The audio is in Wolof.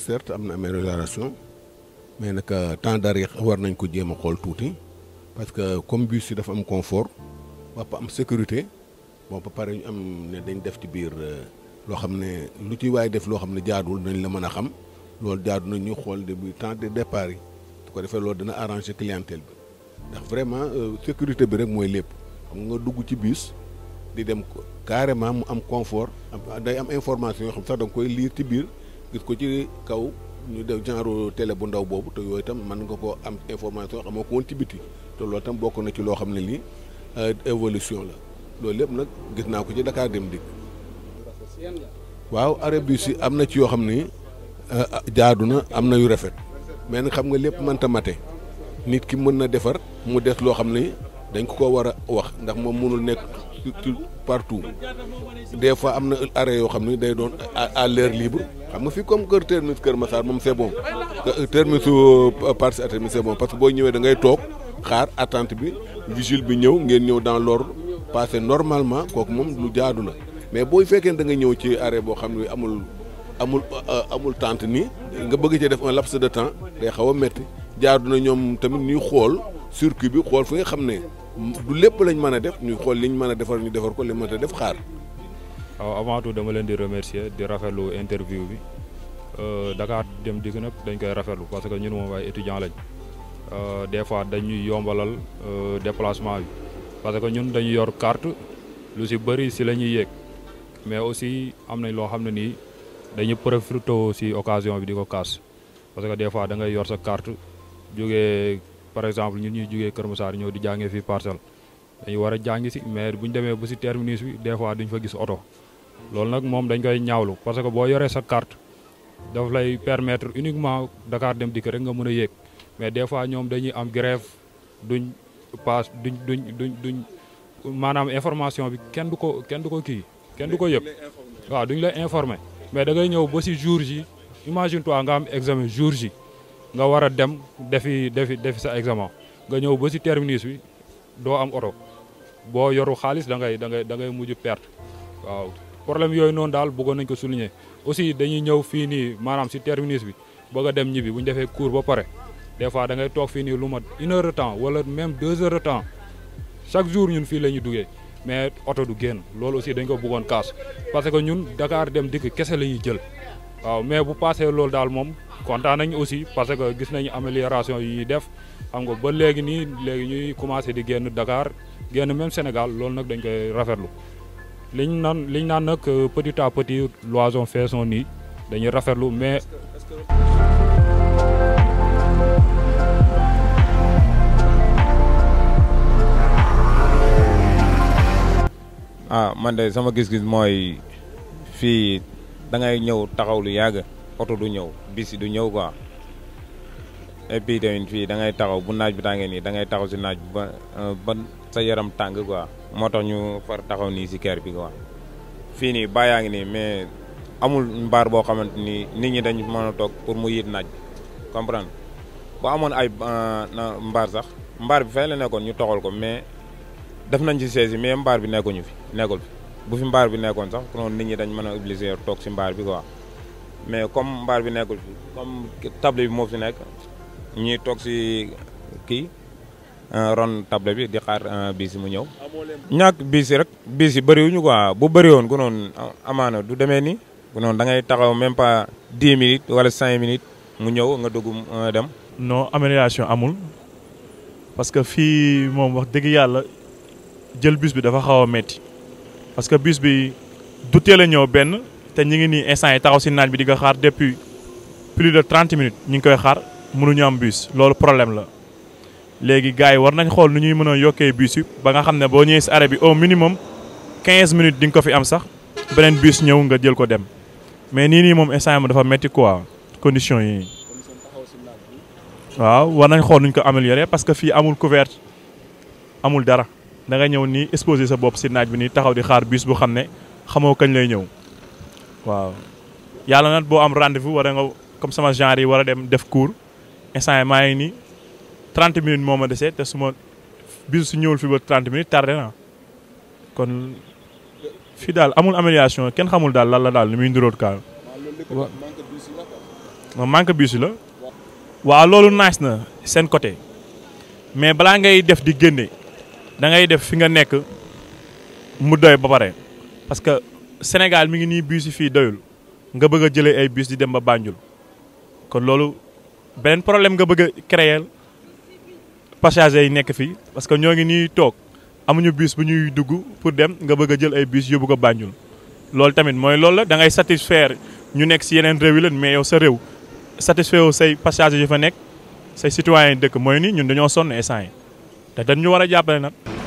certes am na amélioration mais nak euh, temps d'arrière war nañ ko djema xol touti parce que comme bus ci dafa am confort ba am sécurité bon ba am dañ def ci bir euh, lo xamné lu def lo jaadul dañ la xam jaadu na ñu temps de clientèle ndax vraiment euh, sécurité bi rek moy lepp xam nga dugg ci bus di dem carrément mu am confort am day am information yo xam sax lire ci gis ko ci kaw ñu def genre télé bu ndaw boobu te yooyu tam mën nga ko am information xamoo ko woon ci biti te loolu tam bokk na ci loo xam ne lii euh, évolution la loolu lépp nag gis naa ko ci Dakar dem dikk waaw arab bi si am na ci yoo xam ni euh, jaadu na am na yu rafet mais nag xam nga lépp mënta mate nit ki mën na defar mu des loo xam ni dañ ko ko war a wax ndax moom mënul nekk partout des fois am na arrêt yoo xam ne day doon à l'heure libre xam nga fii comme kër terminus Kër Massar moom c'est bon euh, euh, terminus Parcelles Assainies c'est bon parce que boo ñëwee da ngay toog xaar attente bi vigile bi ñëw ngeen ñëw dans l'ordre passé normalement kooku moom lu jaadu la mais booy fekkee da nga ñëw ci arrêt boo xam ne amul amul euh, amul tente ni nga bëgg ci def un laps de temps day xaw a métti jaadu na ñoom tamit ñuy xool circuit bi xool fi nga xam ne du lepp lañ mëna def ñu xol liñ mëna a ñu defar ko li mën def xaar. aw avant tout dama leen di remercier di rafetlu interview bi euh Dakar dem dig nak dañ koy rafetlu parce que ñun moom ay étudiant lañ euh des fois dañuy yombalal euh déplacement bi parce que ñun dañuy yor carte lu ci bari ci lañuy ñuy mais aussi am nañ loo xam ne nii dañu profité aussi occasion bi di ko kaas parce que des fois da ngay yor sa carte jógee par exemple ñun ñuy juggé Kër Massar ñoo di jàngé fi parcel dañu wara jàngi ci mais bu démé bu ci terminus bi des fois duñ fa gis auto lool nak mom dañ koy ñaawlu parce que bo yoré sa carte daf lay permettre uniquement Dakar dem dik rek nga mëna a mais des fois ñom dañuy am grève duñ pass duñ duñ duñ duñ manam information bi kenn duko kenn duko ki kenn duko ko wa duñ lay informer mais da ngay ñëw ba ci jour ji imagine toi nga am examen jour ji nga war a dem defi defi defi sa examen nga ñëw ba si terminus bi doo am oto boo yoru xaalis dangay ngay da ngay da ngay mujj perte waaw problème yooyu noonu daal bëggoon nañ ko souligner aussi dañuy ñëw fii nii maanaam si terminus bi bëgg a dem ñibbi bu ñu defee cours ba pare des fois da ngay toog fii nii lu mat une heure temps wala même deux heures temps chaque jour ñun fii la ñu duggee mais oto du génn loolu aussi dañ ko buggoon kaas parce que ñun dakaar dem dikk kese la ñuy jël. waaw mais bu paasee loolu daal moom kontaan nañ aussi parce que gis nañu amélioration yi ñuy def xam nga ba léegi nii léegi ñuy commencé di génn dakaar génn même Sénégal loolu nag dañ koy rafetlu liñ naan liñ naan nag euh, petit à petit l'oison faison son nid dañuy rafetlu mais. ah man de sama gis-gis mooy fii. da ngay ñëw taxaw lu yàgg oto du ñëw bis du ñëw quoi et puis tamit fii da ngay taxaw bu naaj bi tàngee nii da ngay taxaw si naaj ba euh, ba sa yaram tàng quoi moo tax ñu far taxaw nii si kër bi quoi fii nii ba yaa ngi nii mais amul mbaar boo xamante ni nit ñi dañu mën a toog pour mu yit naaj comprendre bu amoon ay euh, mbaar sax mbaar bi fay la nekkoon ñu toxal ko mais def nañ ci saisi mais mbaar bi nekkuñu fi nekkul fi bu fi mbaar bi nekkoon sax konoon nit ñi dañ mën a obligé toog si mbaar bi quoi mais comme mbaar bi nekkul fi comme table bi moo fi nekk ñuy toog si kii euh, ron table bi di xaar euh, biis mu ñëw. ñàkk bisi rek biis yi quoi bu bëriwoon konoon amana du demee nii. konoon da ngay taxaw même pas dix minutes wala cinq minutes mu nga euh, dem. non amélioration amul parce que fii moom wax dëgg yàlla jël bis bi dafa parce que bus bi du teel a ñëw ben té ñi ngi ni instant yi taxaw ci naaj bi di nga xaar depuis plus de 30 minutes ñi ngi koy xaar ñu am bus loolu problème la. légui gaay war nañ xool nu ñuy mëna yoké bus yi ba nga xamné bo ñëw ci arrêt bi au minimum 15 minutes di nga ko fi am sax benen bus ñëw nga jël ko dem mais ni ni mom instant yi dafa metti quoi condition yi. waaw war nañ xool nuñ ko améliorer parce que fi amul couverture amul dara da nga ñew ni exposer sa bop ci naaj bi ni taxaw di xaar bus bu xamne ne xamoo kañ lay ñew waaw yalla nag bo am rendez-vous wara nga comme sama genre yi wara dem def cours instant ma ngi ni 30 minutes moma déssé té suma bisu su ñewul fi ba 30 minutes tardé na kon fidal, dal amul amélioration ken xamul dal, lan la dal ni muy ka ma manque bisu la wa lolu nice na sen côté mais balaa ngay def di da ngay def fi nga nek mu doy ba pare parce que Sénégal mi ngi ni bus fi doyul nga bëgg jëlé ay bus di dem ba Banjul kon lolu benen problème nga bëgg créer passager yi nek fi parce que ñoo ngi nii amuñu bus bu ñuy dugg pour dem nga bëgg jël ay bus yobu ko Banjul lolu tamit moy lolu la da ngay satisfaire ñu nek ci yenen rew yi leen mais yow sa rew satisfaire say passager yi fa nek say citoyen moy ni ñun dañoo sonn essence te dañ ñu war jàppale nag.